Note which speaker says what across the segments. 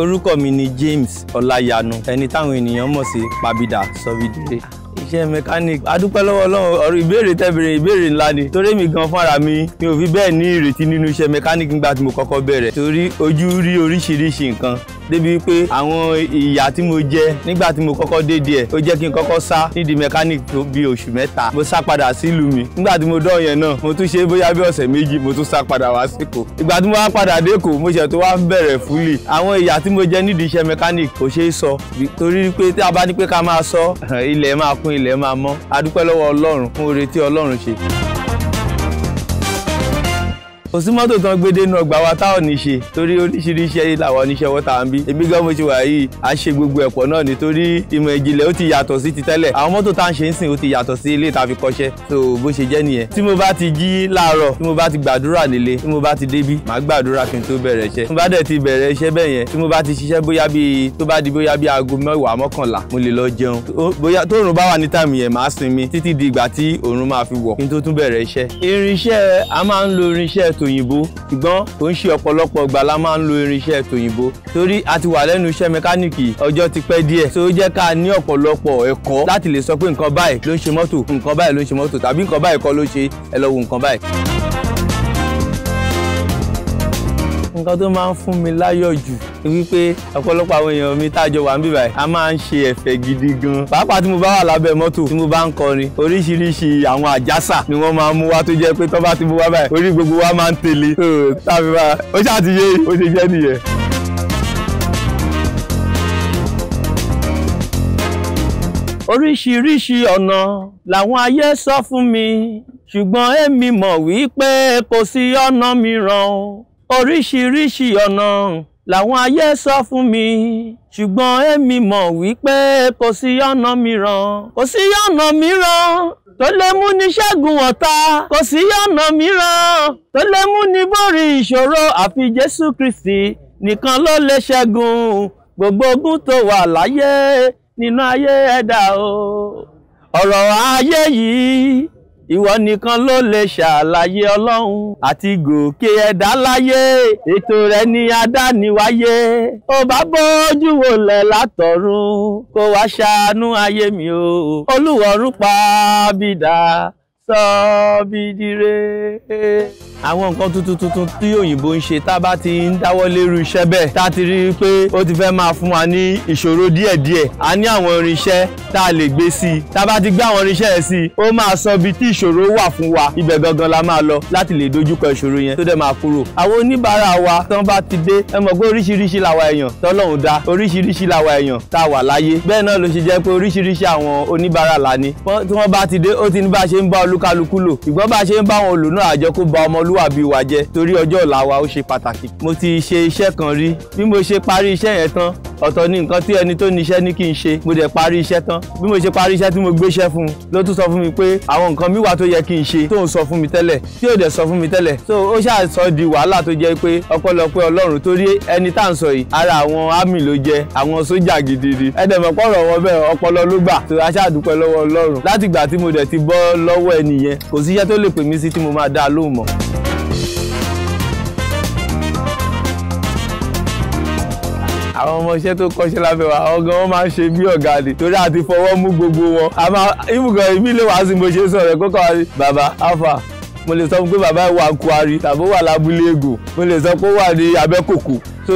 Speaker 1: orúkọ mi ni James Ọláyanu ẹni táwọn ènìyàn mọ̀ sí Pabida Sọvidire iṣẹ́ mechanic adúpẹ́ lọ́wọ́ ọlọ́run ọ̀rọ̀ ìbéèrè tẹ́bẹ̀rẹ̀ ìbéèrè ńlá ni torí mi gan fúnra mi mi ò fi bẹ́ẹ̀ ní ìrètí nínú iṣẹ́ mechanic nígbà tí mo kọ́kọ́ bẹ̀rẹ̀ torí ojú rí oríṣiríṣi nǹkan débi pé àwọn ìyà tí mo jẹ nígbà tí mo kọ́kọ́ dé díẹ̀ ó jẹ́ kí n kọ́kọ́ sá nídìí mechanic tó bí oṣù mẹ́ta mo sá padà sílùú mi nígbà tí mo dán yẹn náà mo tún ṣe bóyá bí ọ̀sẹ̀ méjì mo tún sá padà wá síkò ìgbà tí mo wá padà dé kò mo ṣẹ̀ tó wá ń bẹ̀rẹ̀ fúlì àwọn ìyà tí mo jẹ nídìí iṣẹ́ mechanic kò ṣeé sọ torí pé tí a bá ní pé ká máa sọ ilẹ̀ máa kún ilẹ̀ máa mọ́ a dúpẹ́ lọ́wọ́ ọlọ́run fún oore tí ọlọ́run ṣe kò sí mọ́tò tán gbé dénú ọgbà wa táwọn ní ṣe torí oríṣiríṣi làwọn oníṣẹ́ wọ́ta ń bí èmi gan mo ti wà yìí a ṣe gbogbo ẹ̀pọ̀ náà nítorí ìmọ̀ ìjìnlẹ̀ ó ti yàtọ̀ sí ti tẹ́lẹ̀ àwọn mọ́tò tá à ń ṣe ń sìn ó ti yàtọ̀ sí ilé ìta kọ́ṣẹ́ so bó ṣe jẹ́ nìyẹn tí mo bá ti jí láàárọ̀ tí mo bá ti gbàdúrà nílé tí mo bá ti débí màá gbàdúrà kí n tó bẹ̀rẹ̀ iṣẹ́ tí mo bá dẹ̀ ti bẹ̀rẹ̀ iṣẹ́ bẹ́ẹ̀ yẹn tí mo bá ti ṣiṣẹ́ bóyá bíi tó bá di bóyá bíi aago mẹ́wàá mọ́kànlá mo lè lọ jẹun bóyá tóòrùn bá wà ní tàmì yẹn màá sinmi títí di ìgbà tí òòrùn máa fi wọ̀ kí n tó tún bẹ̀rẹ̀ iṣẹ́ irinṣẹ́ a máa ń lo irinṣẹ́ tòyìnbó ṣùgbọ́n kò ń ṣe ọ̀pọ̀lọpọ̀ ìgbà la máa ń lo irinṣẹ́ tòyìnbó torí a ti wà lẹ́nu iṣẹ́ mẹkáníìkì ọjọ́ ti pẹ́ díẹ̀ tó jẹ́ ká ní ọ̀pọ̀lọpọ̀ ẹ̀kọ́ láti lè sọ pé nǹkan báyìí ló ń ṣe mọ́tò nǹkan báyìí ló ń ṣe mọ́tò tàbí nǹkan báyìí kọ́ ló ṣe ẹ lọ wo nǹkan báyìí. nǹkan tó máa ń fún mi láyọ̀ jù wípé ọ̀pọ̀lọpọ̀ àwọn èèyàn mi tá a jọ wà ń bí báyìí a máa ń ṣe ẹ̀fẹ̀ gidi gan pàápàá tí mo bá wà lábẹ́ mọ́tò tí mo bá ń kọrin oríṣiríṣi àwọn àjàsà ni wọ́n máa ń mú wá tó jẹ́ pé tó ti mú wá báyìí orí gbogbo wa máa ń tẹ̀lé tàbí bá ó ó ṣe jẹ́ nìyẹn. oríṣiríṣi ọ̀nà làwọn ayé sọ fún mi ṣùgbọ́n èmi mọ̀ wípé kò sí ọ̀nà mìíràn oríṣiríṣi ọ̀nà làwọn ayé sọ fún mi ṣùgbọ́n èmi mọ̀ wípé kò sí ọ̀nà mìíràn kò sí ọ̀nà mìíràn tó lè mú ni ṣẹ́gun ọ̀tá kò sí ọ̀nà mìíràn tó lè mú ni borí ìṣòro àfi Jésù Kristi nìkan ló lè ṣẹ́gun gbogbo ogun tó wà láyé nínú ayé ẹ̀dá o ọ̀rọ̀ ayé yìí ìwọ nìkan ló lè ṣàlàyé ọlọ́run àti gòkè ẹ̀dá láyé ètò rẹ̀ ní adániwáyé ó bá bójú wò lẹ̀ látọ̀run kó wá ṣàánú ayé mi o olúwọ̀run pa bídà sọ́bìdìrè. àwọn nǹkan tuntun tuntun tí òyìnbó ń ṣe tá a bá ti ń dáwọ́ lérú iṣẹ́ bẹ́ẹ̀ tá a ti rí i pé ó ti fẹ́ máa fún wa ní ìṣòro díẹ̀díẹ̀ a ní àwọn irinṣẹ́ tá a lè gbé sí i tá a bá ti gbé àwọn irinṣẹ́ yẹn sí i ó máa sọ ibi tí ìṣòro wà fún wa ibẹ̀ gangan la máa lọ láti lè dojúkọ ìṣòro yẹn tó dẹ̀ máa kúrò. àwọn oníbàárà wa tán bá ti dé ẹ mọ̀ pé oríṣiríṣi làwa èèyàn tọ́lọ́hún dá oríṣiríṣi làwa èèyàn tá a wà láyé bẹ́ẹ̀ náà ló ṣe jẹ́ pé oríṣiríṣi àwọn oníbàárà la ní tí wọ́n bá ti dé ó ti ní bá a ṣe ń bá olú kálukú lò ṣùgbọ́n bá a ṣe ń bá wọn lò náà àjọ kó ba ọmọlúwàbí wa jẹ́ torí ọjọ́ ọ̀la wa ó ṣe pàtàkì mo ti ṣe iṣẹ́ kan rí bí mo ṣe parí iṣẹ́ yẹn tán ọ̀tọ̀ ni nǹkan tí ẹni tó níṣẹ́ ní kí n ṣe mo dẹ̀ parí iṣẹ́ tán bí mo ṣe parí iṣẹ́ tí mo gbéṣẹ́ fún un ló tún sọ fún mi pé àwọn nǹkan mi wà tó yẹ kí n ṣe tóun sọ fún mi tẹ́lẹ̀ tí ò dẹ̀ sọ fún mi tẹ́lẹ̀ so ó ṣáà di wàhálà tó jẹ́ pé ọpẹ́lọpẹ́ Ọlọ́run torí ẹni tá à ń sọ yìí ara àwọn ámì ló jẹ àwọn sójà gidi ni ẹ dẹ̀ mọ̀ pọ̀rọ̀ wọn bẹ́ẹ̀ ọpọlọ ló gbà tó aṣáàdúpẹ́ lọ́wọ́ Ọlọ́run látìgbà tí mo dẹ̀ ti bọ́ lọ́wọ́ ẹnìyẹn kò síṣẹ́ tó lè pè mí sí tí mo máa dá a lóhùn mọ́. àwọn ọmọọṣẹ́ tó kọ́ṣẹ́ lábẹ́ wa ọgán wọn máa ń ṣe bí ọ̀gá ni torí a ti fọwọ́ mú gbogbo wọn a máa ibùkọ̀ èmi lè wá sí mo ṣe sọ̀rọ̀ kókò wá sí bàbá alfa mo lè sọ pé bàbá ìwà Kwari tàbí wà lábúlé ègò mo lè sọ pé ó wà ní Abẹ́kòkò so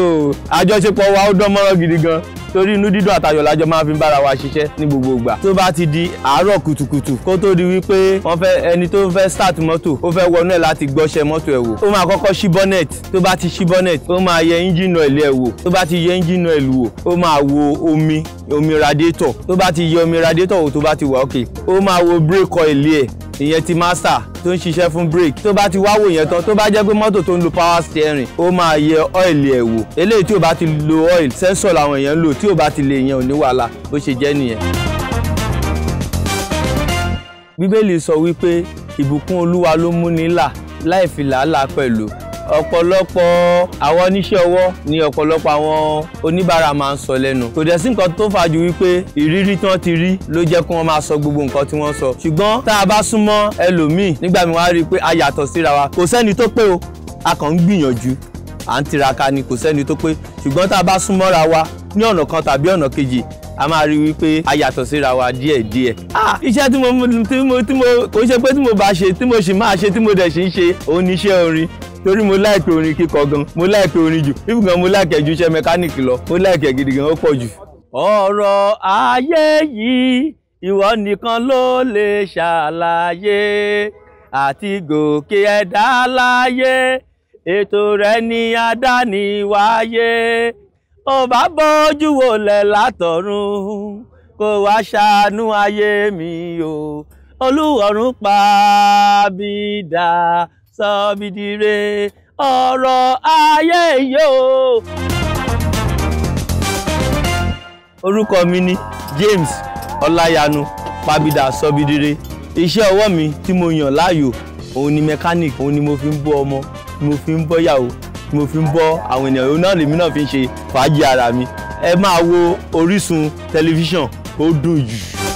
Speaker 1: àjọṣepọ̀ wa ó dán mọ́rán gidi gan torí inú dídùn àtayọ̀ lájọ máa fi ń bára wa ṣiṣẹ́ ní gbogbo tó bá ti di àárọ̀ kùtùkùtù kó tó di wípé wọ́n fẹ́ ẹni tó fẹ́ start mọ́tò ó fẹ́ wọnú ẹ̀ láti gbọ́ṣẹ́ mọ́tò ẹ̀ wò ó máa kọ́kọ́ ṣí bonnet tó bá ti ṣí bonnet ó máa yẹ engine oil ẹ̀ wò tó bá ti yẹ engine oil wò ó máa wo omi omi radiator tó bá ti yẹ omi radiator wò tó bá ti wà okay ó máa wo brake oil ẹ̀ ìyẹn ti master tó ń ṣiṣẹ́ fún brake tó bá ti wá wò yẹn tán tó bá jẹ́ pé mọ́tò tó ń lo power steering ó máa yẹ oil, ẹ̀ wò eléyìí tí ò bá ti lo ọ́ìlì sensor làwọn èèyàn ń lò tí ò bá ti lè yẹn ò ní wàhálà bó ṣe jẹ́ nìyẹn. bíbélì sọ wípé ìbùkún olúwa ló múni là láì fi làálàá pẹ̀lú ọ̀pọ̀lọpọ̀ àwọn oníṣẹ́ ọwọ́ ni ọ̀pọ̀lọpọ̀ àwọn oníbàárà máa ń sọ lẹ́nu kò dẹ̀ sí nǹkan tó fà ju wípé ìrírí tí wọ́n ti rí ló jẹ́ kí wọ́n máa sọ gbogbo nǹkan tí wọ́n sọ ṣùgbọ́n tá a bá súnmọ́ ẹlòmíì nígbà mi wá rí i pé a yàtọ̀ síra wa kò sẹ́ni tó pé o a kàn ń gbìyànjú à ń tiraka ni kò sẹ́ni tó pé ṣùgbọ́n tá a bá súnmọ́ra wa ní ọ̀nà kan tàbí ọ̀nà kejì a máa rí wípé a yàtọ̀ síra wa díẹ̀ díẹ̀. Ah, iṣẹ́ tí mo tí mo kò ṣe pé tí mo bá ṣe tí mo sì máa ṣe tí mo dẹ̀ sì ń ṣe òun ni iṣẹ́ orin torí mo láìpẹ orin kíkọ gan mo láìpẹ orin jù bíbù gan mo láìkẹ ju iṣẹ́ mẹkáníìkì lọ mo láìkẹ gidi gan ó pọ̀ jù. ọ̀rọ̀ ayé yìí ìwọ nìkan ló lè ṣàlàyé àti gòkè ẹ̀dá láyé ètò rẹ ni adániwáyé ó bá bójú wo lẹ̀ látọ̀run kó wá ṣàánú ayé mi o olúwọ̀run pa bí dáa sọ mí dire ọ̀rọ̀ ayé yóò. orúkọ mi ni James Ọláyanu Pabida Sọbidire iṣẹ́ ọwọ́ mi tí mo yàn láàyò òun ni mechanic òun ni mo fi ń bọ́ ọmọ mo fi ń bọ́ yàwó mo fi ń bọ́ àwọn ènìyàn òun náà lèmi náà fi ń ṣe fàájì ara mi ẹ máa wo Orísun tẹlifíṣàn ó dùn jù.